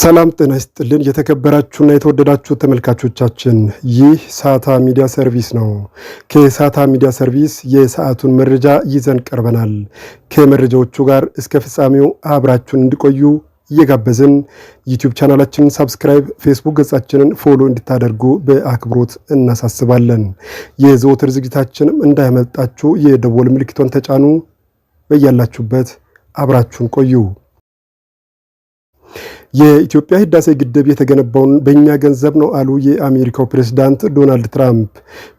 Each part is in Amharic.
ሰላም ጤና ይስጥልን። የተከበራችሁና የተወደዳችሁ ተመልካቾቻችን ይህ ሳታ ሚዲያ ሰርቪስ ነው። ከሳታ ሚዲያ ሰርቪስ የሰዓቱን መረጃ ይዘን ቀርበናል። ከመረጃዎቹ ጋር እስከ ፍጻሜው አብራችሁን እንዲቆዩ እየጋበዝን ዩቲዩብ ቻናላችንን ሳብስክራይብ፣ ፌስቡክ ገጻችንን ፎሎ እንድታደርጉ በአክብሮት እናሳስባለን። የዘወትር ዝግጅታችንም እንዳያመልጣችሁ የደወል ምልክቷን ተጫኑ። በያላችሁበት አብራችሁን ቆዩ። የኢትዮጵያ ህዳሴ ግድብ የተገነባውን በእኛ ገንዘብ ነው አሉ የአሜሪካው ፕሬዝዳንት ዶናልድ ትራምፕ።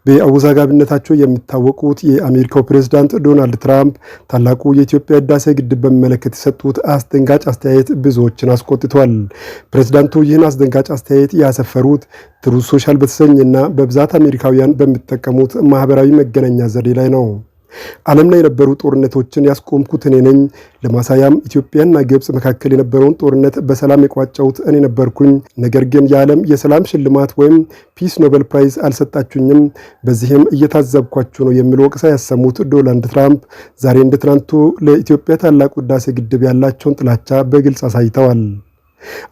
በአወዛጋቢነታቸው የሚታወቁት የአሜሪካው ፕሬዝዳንት ዶናልድ ትራምፕ ታላቁ የኢትዮጵያ ህዳሴ ግድብ በሚመለከት የሰጡት አስደንጋጭ አስተያየት ብዙዎችን አስቆጥቷል። ፕሬዝዳንቱ ይህን አስደንጋጭ አስተያየት ያሰፈሩት ትሩዝ ሶሻል በተሰኘና በብዛት አሜሪካውያን በሚጠቀሙት ማህበራዊ መገናኛ ዘዴ ላይ ነው። ዓለም ላይ የነበሩ ጦርነቶችን ያስቆምኩት እኔ ነኝ። ለማሳያም ኢትዮጵያና ግብፅ መካከል የነበረውን ጦርነት በሰላም የቋጨሁት እኔ ነበርኩኝ። ነገር ግን የዓለም የሰላም ሽልማት ወይም ፒስ ኖበል ፕራይዝ አልሰጣችሁኝም፣ በዚህም እየታዘብኳችሁ ነው የሚል ወቀሳ ያሰሙት ዶናልድ ትራምፕ ዛሬ እንደ ትናንቱ ለኢትዮጵያ ታላቅ ሕዳሴ ግድብ ያላቸውን ጥላቻ በግልጽ አሳይተዋል።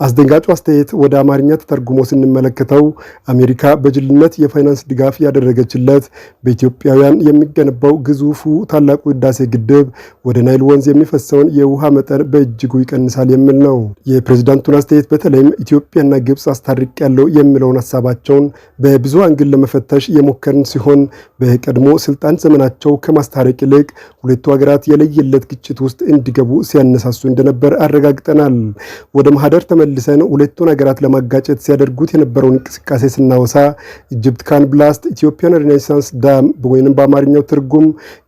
አስደንጋጩ አስተያየት ወደ አማርኛ ተተርጉሞ ስንመለከተው አሜሪካ በጅልነት የፋይናንስ ድጋፍ ያደረገችለት በኢትዮጵያውያን የሚገነባው ግዙፉ ታላቁ ህዳሴ ግድብ ወደ ናይል ወንዝ የሚፈሰውን የውሃ መጠን በእጅጉ ይቀንሳል የሚል ነው። የፕሬዚዳንቱን አስተያየት በተለይም ኢትዮጵያና ግብፅ አስታርቅ ያለው የሚለውን ሀሳባቸውን በብዙ አንግል ለመፈተሽ የሞከርን ሲሆን በቀድሞ ስልጣን ዘመናቸው ከማስታረቅ ይልቅ ሁለቱ ሀገራት የለየለት ግጭት ውስጥ እንዲገቡ ሲያነሳሱ እንደነበር አረጋግጠናል። ወደ ማህደር ሀገር ተመልሰን ሁለቱን ሀገራት ለማጋጨት ሲያደርጉት የነበረውን እንቅስቃሴ ስናወሳ ኢጅፕት ካን ብላስት ኢትዮጵያን ሬኔሳንስ ዳም ወይንም በአማርኛው ትርጉም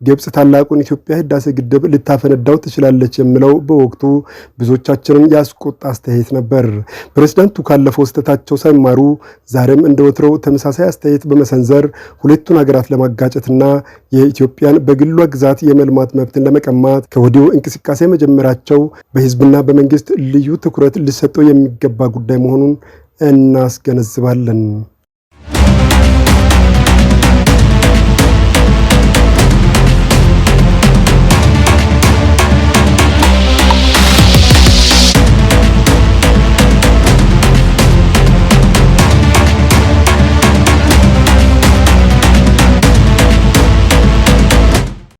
ግብፅ ታላቁን ኢትዮጵያ ህዳሴ ግድብ ልታፈነዳው ትችላለች የሚለው በወቅቱ ብዙዎቻችንን ያስቆጣ አስተያየት ነበር። ፕሬዚዳንቱ ካለፈው ስህተታቸው ሳይማሩ ዛሬም እንደ ወትረው ተመሳሳይ አስተያየት በመሰንዘር ሁለቱን ሀገራት ለማጋጨትና የኢትዮጵያን በግሏ ግዛት የመልማት መብትን ለመቀማት ከወዲሁ እንቅስቃሴ መጀመራቸው በህዝብና በመንግስት ልዩ ትኩረት ልሰ ሊሰጠው የሚገባ ጉዳይ መሆኑን እናስገነዝባለን።